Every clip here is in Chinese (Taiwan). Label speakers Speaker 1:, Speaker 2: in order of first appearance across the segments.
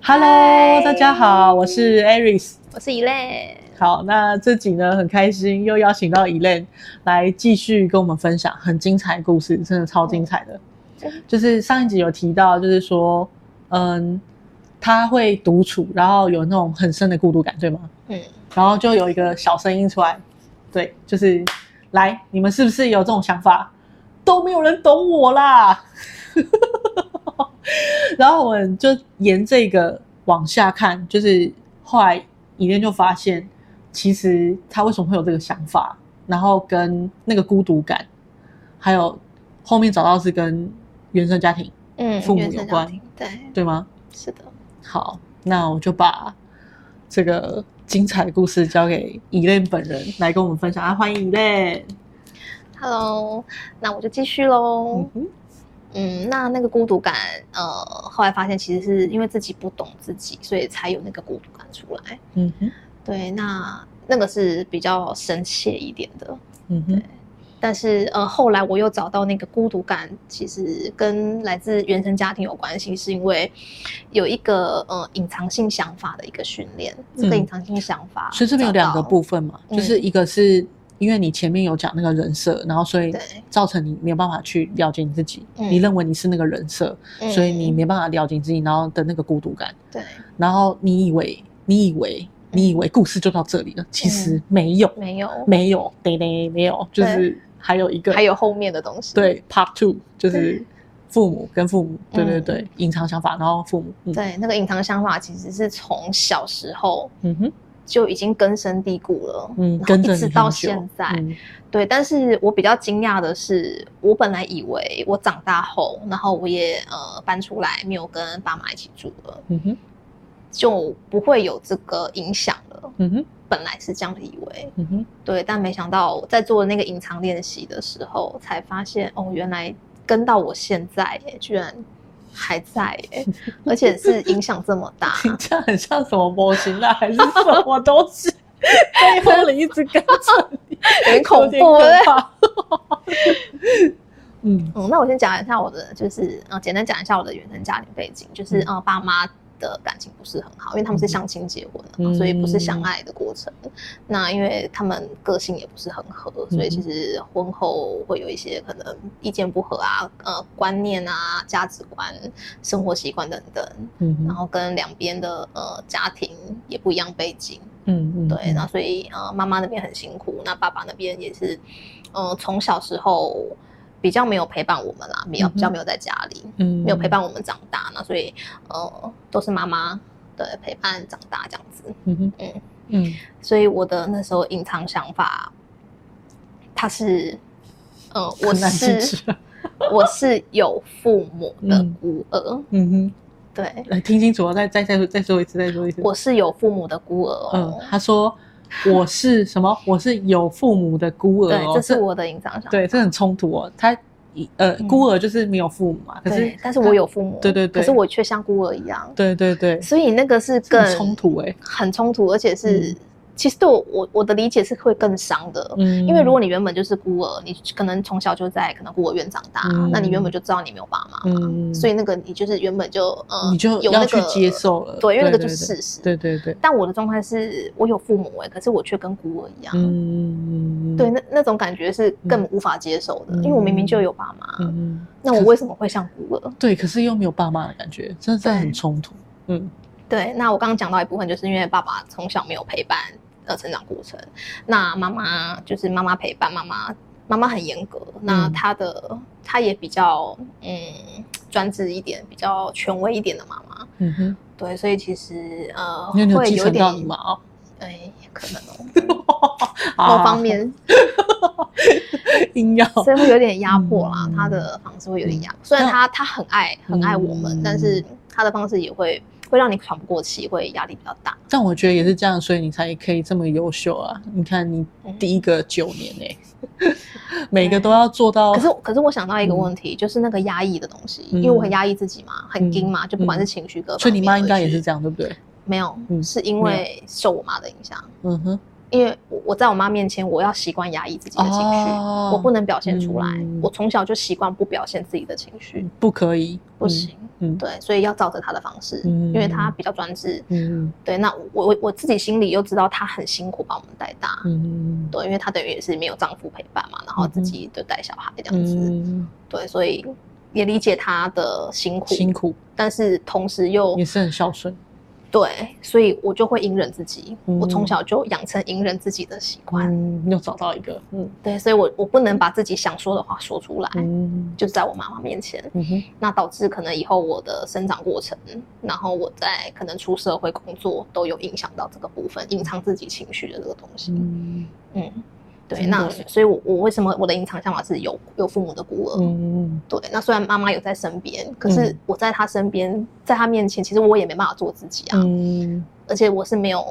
Speaker 1: Hello，Hi, 大家好，我是 Aris，我是 Elain。好，那這集呢，很開心又邀請到 Elain 來繼續跟我們分享很精彩的故事，真的超精彩的。嗯、就是上一集有提到，就是說，嗯，他會獨處，然後有那種很深的孤獨感，對嗎？嗯。然後就有一個小聲音出來，對，就是來，你們是不是有這種想法？都沒有人懂我啦。 然後我們就沿這個往下看，就是後來 Elain 就發現，其實他為什麼會有這個想法，然後跟那個孤獨感，還有後面找到是跟原生家庭、嗯，父母有關，對，對嗎？是的。好，那我就把這個精彩的故事交給 Elain 本人來跟我們分享啊，歡迎 Elain，Hello，
Speaker 2: 那我就繼續嘍。嗯嗯，那那個孤獨感，呃，後來發現其實是因為自己不懂自己，所以才有那個孤獨感出來。嗯哼，對，那那個是比較深切一點的。嗯哼，對。但是呃，後來我又找到那個孤獨感，其實跟來自原生家庭有關係，是因為有一個呃隱藏性想法的一個訓練、嗯，這個隱藏性想法，所以這邊有兩個部
Speaker 1: 分嘛，就是一個是。因為你前面有講那個人設，然後所以造成你沒有辦法去了解你自己。你認為你是那個人設、嗯，所以你沒辦法了解你自己，然後的那個孤獨感。對，然後你以為你以為、嗯、你以為故事就到這裡了？其實沒有，嗯、
Speaker 2: 沒有，沒有，
Speaker 1: 對對，對，沒有，就是還有一個，還有後面的東西。對，Part Two 就是父母跟父母。對對，對對，隱、嗯、藏想法，然後父母、嗯、對
Speaker 2: 那個隱藏想法其實是從小時候。嗯哼。就已經根深蒂固了，嗯，然後一直到現在，嗯，對。但是我比較驚訝的是，我本來以為我長大後，然後我也呃搬出來，沒有跟爸媽一起住了，嗯哼，就不會有這個影響了，嗯哼，本來是這樣的以為，嗯哼，對。但沒想到我在做那個隱藏練習的時候，才發現，哦，原來跟到我現在，居然。還在耶、欸，而且是影響這麼大、啊，這樣很像什麼模型那、啊、 還是什麼東西，背後有一隻狗，有點恐怖，對吧？嗯嗯，那我先講一下我的，就是嗯、呃，簡單講一下我的原生家庭背景，就是嗯，嗯，爸媽。的感情不是很好，因為他們是相親結婚的嘛，嗯嗯嗯，所以不是相愛的過程。那因為他們個性也不是很合，嗯嗯嗯，所以其實婚後會有一些可能意見不合啊，呃，觀念啊、價值觀、生活習慣等等。嗯嗯嗯，然後跟兩邊的呃家庭也不一樣背景。嗯嗯嗯，對，那所以呃媽媽那邊很辛苦，那爸爸那邊也是，呃從小時候。比較沒有陪伴我們啦，比較比較沒有在家裡，嗯，嗯，沒有陪伴我們長大呢，所以，呃，都是媽媽對陪伴長大這樣子，嗯哼嗯，所以我的那時候隱藏想法，他是，嗯、呃，我是 我是有父母的孤兒，嗯哼，對，來聽清楚啊，再再再再說一次，再說一次，我是有父母的孤兒、哦，嗯、呃，他說。
Speaker 1: 我是什麼？我是有父母的孤兒哦、喔，對，這是
Speaker 2: 我的隱藏項。對，
Speaker 1: 這很衝突哦、喔。他呃，孤兒就是沒有父母嘛，可是但是我有父母，對對對，可是我
Speaker 2: 卻像孤兒一樣，
Speaker 1: 對對對，所
Speaker 2: 以那個是更衝突哎、欸，很衝突，而且是、嗯。其實對我我我的理解是會更傷的，嗯，因為如果你原本就是孤兒，你可能從小就在可能孤兒院長大、嗯，那你原本就知道你沒有爸媽、啊嗯，所以那個你就是原本就，呃、你就有那個接受了，對，因為那個就是事實，對，
Speaker 1: 對對對。但
Speaker 2: 我的狀態是我有父母哎、欸，可是我卻跟孤兒一樣，
Speaker 1: 嗯，對，
Speaker 2: 那那種感覺是更無法接受的，嗯、因為我明明就有爸媽、嗯，那我為什麼會像孤兒？對，可是又沒有爸媽的感覺，
Speaker 1: 真的真的很衝突，嗯，
Speaker 2: 對。那我剛剛講到一部分，就是因為爸爸從小沒有陪伴。的，成長過程，那媽媽就是媽媽陪伴媽媽，媽媽很嚴格，那她的、嗯、她也比較嗯專制一點，比較權威一點的媽媽。嗯哼，對，所以其實呃你有繼承到你嗎會有點，哎、欸，可能哦、喔，某 方面，要，所以會有點壓迫啦、嗯。他的方式會有點壓迫、嗯、雖然她她很愛很愛我們，嗯、但是她的方式也會。會讓你喘不過氣，會壓力比較大。
Speaker 1: 但我覺得也是這樣，所以你才可以這麼優秀啊！你
Speaker 2: 看你第一個九年哎、欸，嗯、 每個都要做到。可是可是我想到一個問題，嗯、就是那個壓抑的東西，嗯、因為我很壓抑自己嘛，很精嘛、嗯，就不管是情緒各方面、嗯。所以你媽
Speaker 1: 應該也是這樣，對不對？
Speaker 2: 沒有，嗯、是因為受我媽的影響。嗯哼，因為我在我媽面前，我要習慣壓抑自己的情緒、啊，我不能表現出來。嗯、我從小就習慣不表現自己的情緒，
Speaker 1: 不可以，不行。嗯嗯，
Speaker 2: 對，所以要照着他的方式、嗯，因為他比較專制。嗯，對，那我我我自己心裡又知道他很辛苦把我們帶大。嗯，對，因為他等於也是沒有丈夫陪伴嘛，然後自己就帶小孩這樣子、嗯。對，所以也理解他的辛苦。辛苦，但是同時又也是很孝順。對，所以我就會隱忍自己、嗯，我從小就養成隱忍自己的習
Speaker 1: 慣。嗯、
Speaker 2: 又找到一個，嗯，對，所以我我不能把自己想說的話說出來，嗯、就在我媽媽面前、嗯哼。那導致可能以後我的生長過程，然後我在可能出社會工作都有影響到這個部分，隱藏自己情緒的這個東西。嗯。嗯對，那所以我，我我為什麼我的隱藏想法是有有父母的孤兒？嗯、對，那雖然媽媽有在身邊，可是我在他身邊、嗯，在他面前，其實我也沒辦法做自己啊。嗯、而且我是沒有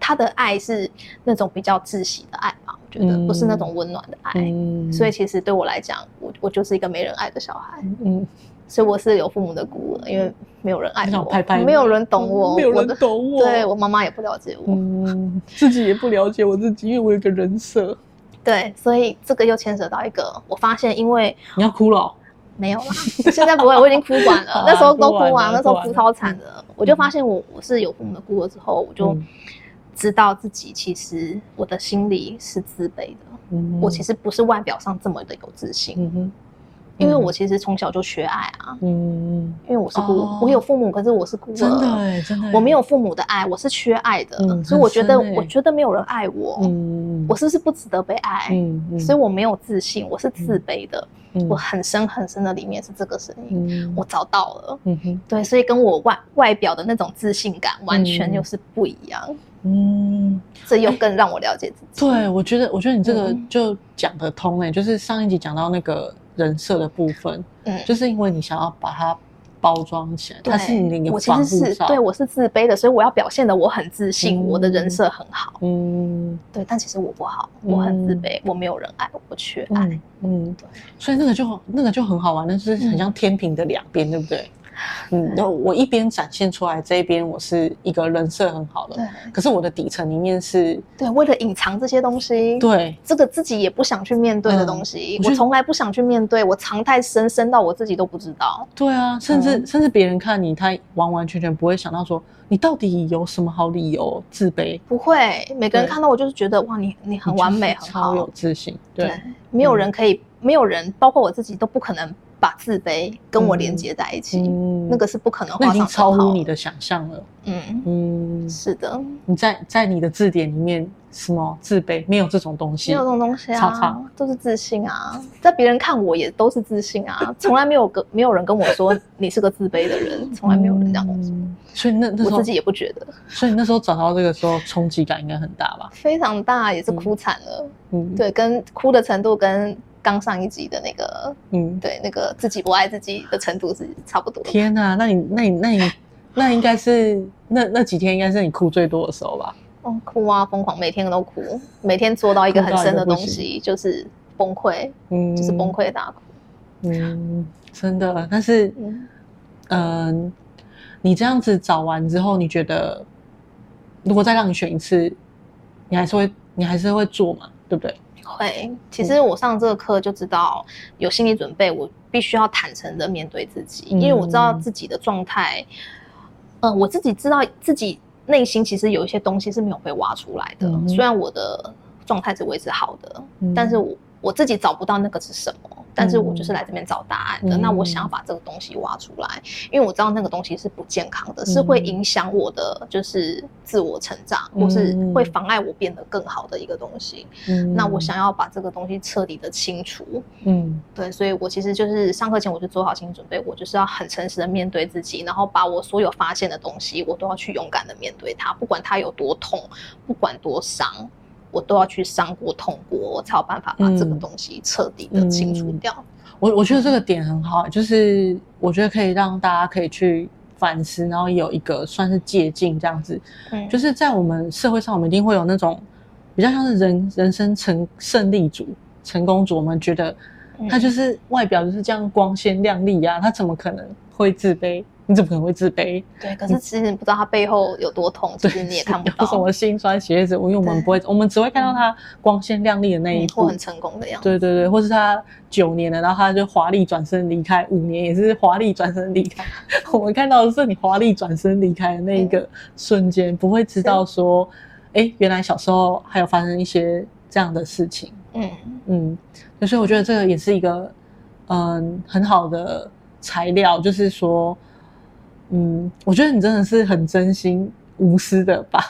Speaker 2: 他的愛，是那種比較窒息的愛吧、嗯？我覺得不是那種溫暖的愛、嗯。所以其實對我來講，我我就是一個沒人愛的小孩。嗯。嗯所以我是有父母的孤兒，因為沒有人愛我，拍拍沒有人懂我，沒有人懂我，我嗯、對我媽媽也不了解我，
Speaker 1: 嗯，自己也不了解我自己，因為我有個人設。
Speaker 2: 對，所以這個又牽扯到一個，我發現，因為你要哭了、哦，沒有了，現在不會， 我已經哭完了， 啊、那時候都哭完，哭完，那時候哭超慘的，我就發現我我是有父母的孤兒之後，我就知道自己其實我的心裡是自卑的，嗯、我其實不是外表上這麼的有自信。嗯因為我其實從小就缺愛啊，嗯，因為我是孤、哦，我有父母，可是我是孤兒，真的、欸、真的、欸，我沒有父母的愛，我是缺愛的，嗯、所以我覺得、欸，我覺得沒有人愛我、嗯，我是不是不值得被愛？嗯、嗯，所以我沒有自信，我是自卑的，嗯、我很深很深的裡面是這個聲音、嗯，我找到了，嗯哼，對，所以跟我外外表的那種自信感完全就是不一樣，嗯，這又更讓我了解自己。
Speaker 1: 欸、對，我覺得，我覺得你這個就講得通哎、欸嗯，就是上一集講到那個。人設的部分，嗯，就是因為你想要把它包裝起來，對，它是你的防護罩。對，
Speaker 2: 我是自卑的，所以我要表現的我很自信，嗯、我的人設很好，嗯，對。但其實我不好、嗯，我很自卑，我沒有人愛，我不缺愛，嗯，嗯對。所以那個就
Speaker 1: 那個就很好玩，那是很像天平的兩邊、嗯，對不對？嗯，那、嗯、我一邊展現出來，這一邊我是一個人設很好的，可是我的底層裡面是，
Speaker 2: 對，為了隱藏這些東西，對，這個自己也不想去面對的東西，嗯、我、我從來不想去面對，我藏太深，深到我自己都不知道。
Speaker 1: 對啊，甚至、嗯、甚至別人看你，他完完全全不會想到說你到底有什麼好理由自卑。
Speaker 2: 不會，每個人看到我就是覺得哇，你你很完美，超有自信。對、嗯，沒有人可以，沒有人，包括我自己都不可能。把自卑跟我連接在一起、嗯嗯，那個是不可能的。那已經超
Speaker 1: 乎你的想象了。嗯嗯，是的。你在在你的字典裡面，什麼自卑？沒有這種東西，沒有這種
Speaker 2: 東西啊，操操都是自信啊。在別人看我，也都是自信啊，從來沒有跟沒有人跟我說你是個自卑的人，從、嗯、來沒有人這樣。所以那，那時候我自己也不覺得。
Speaker 1: 所以那時候找到這個時候，衝擊感應該很大吧？
Speaker 2: 非常大，也是哭慘了嗯。嗯，對，跟哭的程度跟剛上一集的那個，嗯，對，那個自己不愛自己的程度是差不多。
Speaker 1: 天啊，那你、那你、那你， 那應該是那那幾天，應該是你哭最多的時候吧？
Speaker 2: 哦，哭啊，瘋狂，每天都哭，每天做到一個很深的東西，就是崩潰，嗯，就是崩潰大哭，嗯，
Speaker 1: 真的。但是，嗯，呃、你這樣子找完之後，你覺得如果再讓你選一次，你還是會，你還是會做嘛？對不對？
Speaker 2: 會，其實我上這個課就知道有心理準備，我必須要坦誠的面對自己，嗯、因為我知道自己的狀態，嗯、呃，我自己知道自己內心其實有一些東西是沒有被挖出來的、嗯，雖然我的狀態是維持好的，嗯、但是我我自己找不到那個是什麼。但是我就是來這邊找答案的、嗯。那我想要把這個東西挖出來、嗯，因為我知道那個東西是不健康的，嗯、是會影響我的，就是自我成長，嗯、或是會妨礙我變得更好的一個東西。嗯、那我想要把這個東西徹底的清除。嗯，對，所以我其實就是上課前我就做好心理準備，我就是要很誠實的面對自己，然後把我所有發現的東西，我都要去勇敢的面對它，不管它有多痛，不管多傷。我都要去傷過痛過，我才有辦法把這個東西徹底的清除掉。我、嗯嗯、我覺
Speaker 1: 得這個點很好、欸嗯，就是我覺得可以讓大家可以去反思，然後有一個算是借鑑這樣子。就是在我們社會上，我們一定會有那種比較像是人人生成勝利組、成功組，我們覺得他就是外表就是這樣光鮮亮麗呀、啊，他怎麼可能會自卑？你怎麼可能會自卑？
Speaker 2: 對，可是其實你不知道他背後有多痛，嗯、對其實你也看不
Speaker 1: 到。什麼心酸、鞋子因為我們不會，我們只會看到他光鮮亮麗的那一刻，嗯、或很成功的樣子。對對對，或是他九年了，然後他就華麗轉身離開，五年也是華麗轉身離開。嗯、 我們看到的是你華麗轉身離開的那一個瞬間、嗯，不會知道說，哎、欸，原來小時候還有發生一些這樣的事情。嗯嗯，所以我覺得這個也是一個嗯很好的材料，就是說。嗯，我覺得你真的是很真心、無私的把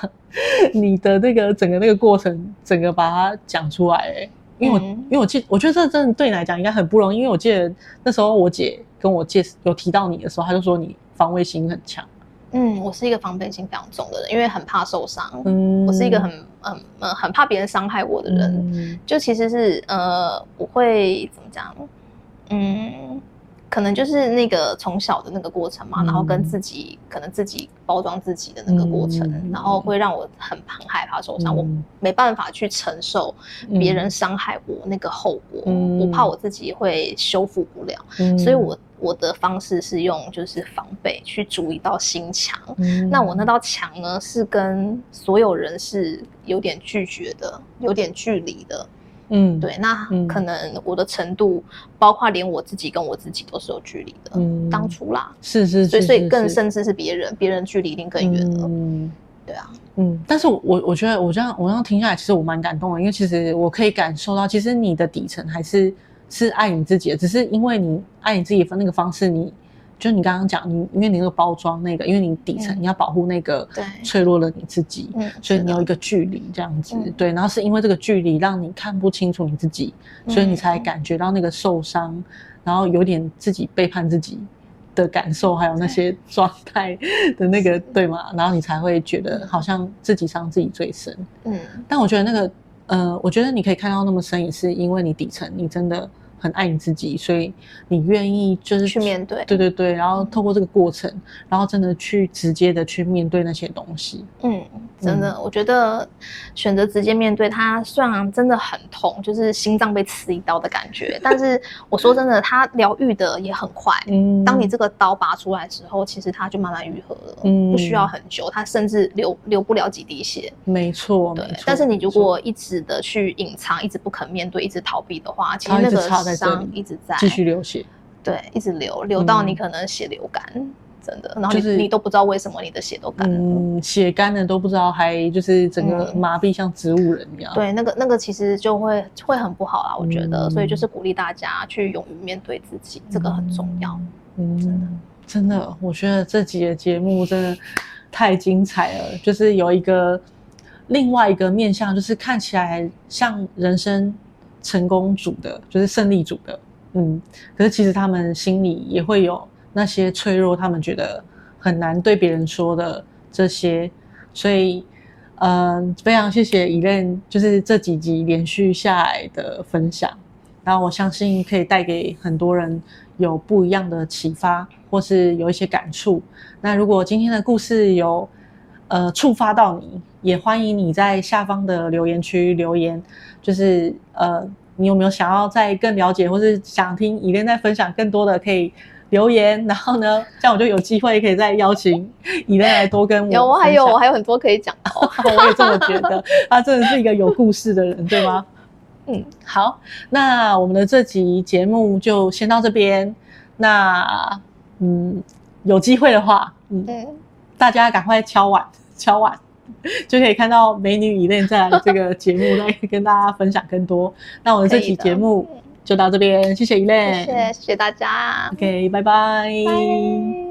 Speaker 1: 你的那個整個那個過程，整個把它講出來，欸。因為我，嗯、因為我記得，我覺得這真的對你來講應該很不容易。因為我記得那時候我姐跟我姐有提到你的時候，她就說你防衛心很強。
Speaker 2: 嗯，我是一個防衛心非常重的人，因為很怕受傷。嗯，我是一個很嗯很、呃、很怕別人傷害我的人，嗯、就其實是呃，我會怎麼講嗯。可能就是那個從小的那個過程嘛，然後跟自己、嗯、可能自己包裝自己的那個過程，嗯、然後會讓我很很害怕受傷、嗯，我沒辦法去承受別人傷害我那個後果、嗯，我怕我自己會修復不了、嗯，所以我我的方式是用就是防備去築一道心牆、嗯，那我那道牆呢是跟所有人是有點拒絕的，有點距離的，嗯，對，那可能我的程度，嗯，包括連我自己跟我自己都是有距離的。
Speaker 1: 嗯，當初啦，是是是，所以所以更甚
Speaker 2: 至是別人，別人距離一定更遠了。嗯，對
Speaker 1: 啊，嗯，但是我我覺得我這樣我這樣聽下來，其實我蠻感動的，因為其實我可以感受到，其實你的底層還是是愛你自己的，只是因為你愛你自己的那個方式，你。就是你剛剛講，你因為你那個包裝那個，因為你底層你要保護那個脆弱的你自己，嗯、所以你有一個距離這樣子、嗯，對。然後是因為這個距離讓你看不清楚你自己、嗯，所以你才感覺到那個受傷，然後有點自己背叛自己的感受，嗯、還有那些狀態的那個，對嗎？然後你才會覺得好像自己傷自己最深。嗯，但我覺得那個，呃，我覺得你可以看到那麼深，也是因為你底層你真的。很愛你自己，所以你願意就是去面對，對對對，然後透過這個過程，然後真的去直接的去面對那些東西。
Speaker 2: 嗯，真的，嗯，我覺得選擇直接面對它，雖然真的很痛，就是心臟被刺一刀的感覺，但是我說真的，它療愈的也很快。嗯，當你這個刀拔出來之後，其實它就慢慢愈合了，嗯，不需要很久，它甚至流流不了幾滴血。
Speaker 1: 沒錯，對，沒錯。但是
Speaker 2: 你如果一直的去隱藏，一直不肯面對，一直逃避的話，其實那個是。傷一直在繼續流血，對，一直流流到你可能血流乾，嗯，真的，然後就是你都不知道為什麼你的血都乾了，
Speaker 1: 嗯，血乾了都不知道還就是整個麻痹像植物人一樣，對，那個
Speaker 2: 那個其實就會會很不好啦，我覺得，嗯、所以就是鼓勵大家去勇於面對自己、嗯，這個很重要，嗯，
Speaker 1: 真的，嗯、真的，我覺得這集的節目真的太精彩了，就是有一個另外一個面向，就是看起來像人生成功組的，就是勝利組的，嗯，可是其實他們心裡也會有那些脆弱，他們覺得很難對別人說的這些，所以，嗯、呃，非常謝謝 Elain，就是這幾集連續下來的分享，然後我相信可以帶給很多人有不一樣的啟發，或是有一些感觸。那如果今天的故事有，呃，觸發到你，也歡迎你在下方的留言區留言，就是呃，你有沒有想要再更了解，或是想聽以琳再分享更多的，可以留言。然後呢，這樣我就有機會可以再邀請以琳來多跟我。有，我還有我還有
Speaker 2: 很多可以講，哦， 我也這麼覺
Speaker 1: 得。他真的是一個有故事的人， 對嗎？嗯，好，那我們的這集節目就先到這邊。那嗯，有機會的話，嗯。嗯大家趕快敲碗敲碗，就可以看到美女 Elain 在這個節目來 跟大家分享更多。那我們這期節目就到這邊，謝謝 Elain，謝謝大家。OK，拜拜。Bye